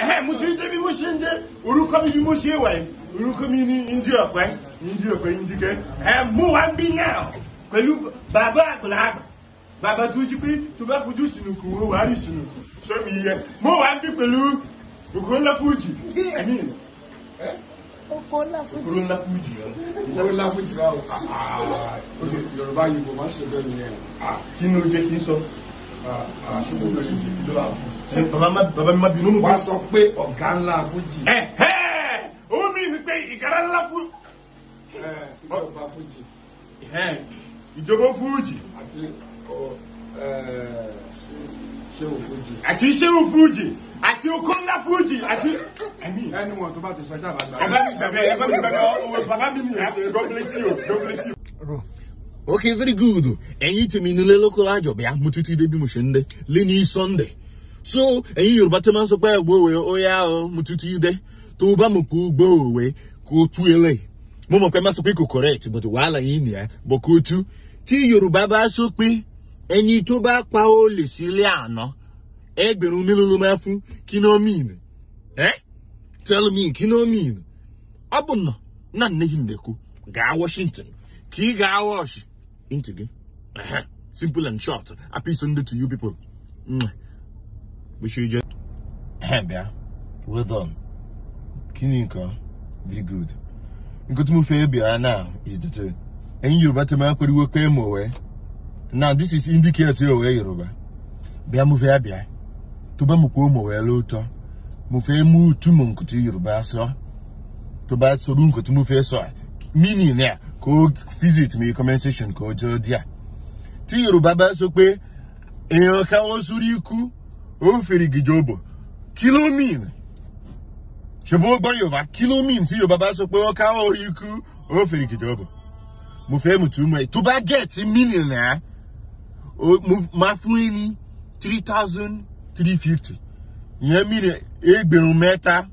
ẹhẹ mo ti dé bí mo ṣe ń jẹ mi bi mo ṣe wà yìí orúkọ mi ní indi ọpẹ indi ọpẹ indi kẹ ẹ mo wá ń bí náà pẹ̀lú bàbá àgbàlagbà bàbá tó jí pé tó bá fojú sùnùkù ó wàá rí sùnùkù sọmi yẹ mo wá ń bí pẹ̀lú òkú ńlá fújì ẹmí ìlú. Oko ńlá fújì. Oko ńlá fújì rẹ. Oko ńlá fújì rẹ o. Yorùbá yìí kò má ṣe bẹ́ẹ̀ nìyẹn. Ah, kí ni ó jẹ́ kí àṣùgbọ́n jẹ̀bi ló àbú. bàbá mi má bínú nù. wàá sọ pé ọ̀gá ńlá fújì. ẹ ẹ ó mi ni pé ìkàrà ńlá fún. ẹ ìjọba fújì. ìjọba fújì. àti ṣéwù fújì. àti ṣéwù fújì àti okó ńlá fújì àti. ẹni wọn tó bá ti sọ ṣáà bá bá mi gbàgbé ẹ bá mi gbàgbé bàbá mi nìyà God bless you God bless okay very good ẹ̀yin tèmi nílé lóko lájọ bíyà mo títí dé bí mo ṣe ń dé lé sunday so ẹ̀yin yorùbá tẹ́ máa ń sọ pé ẹ̀gbọ́ òwe ó yá ọ mo títí dé tó o bá mọ̀ kó o òwe kó o tú eléyìí mo mọ̀ pé má sọ pé kò correct but wàhálà yìí nìyẹn bọ̀ kó o tú tí yorùbá bá sọ pé ẹni tó bá pa ó lè sílé àná ẹgbẹ̀rún mélòó ló máa fún kí ló mìíràn ẹ́ tell me kí ló mìíràn ọ bụ nọ na nne gị na Washington ka ị gaa into Uh-huh. Simple and short. Happy Sunday to you people. Mm. We should just. Eh, Bia, well done. Kininka, very good. Nkotumu Fabia now is the turn. And you better my pretty work Now this is indicator away, Yoruba. Bia Mufabia. Tuba Mukomo, well, Luto. Mufe mu Tumunko to Yoruba, sir. Tuba Sorunko to Mufe, sir. meaning ẹ̀ kó visit mi comment section kó dia. díẹ̀ tí yorùbá bá sọ pé èèyàn káwọn sórí ikú ó ń fèrè gìjọ bọ̀ kí ló mean ṣùgbọ́n ó gbọ́ yorùbá kí ló mean tí yorùbá bá sọ pé wọ́n káwọn orí ikú ó ń fèrè mo fẹ́ mu túmọ̀ ẹ̀ tó bá get meaning ẹ̀ máa fún yín ní three thousand three fifty ìyẹn meaning ẹgbẹ̀rún mẹ́ta.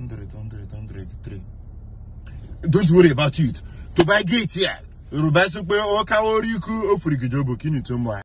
100, 100, 100, Don't worry about it. To buy gate here. Yorùbá sọ pé ó káwọ́ orí ikú ó fòrìgìjọ bò kí ni tó mọ̀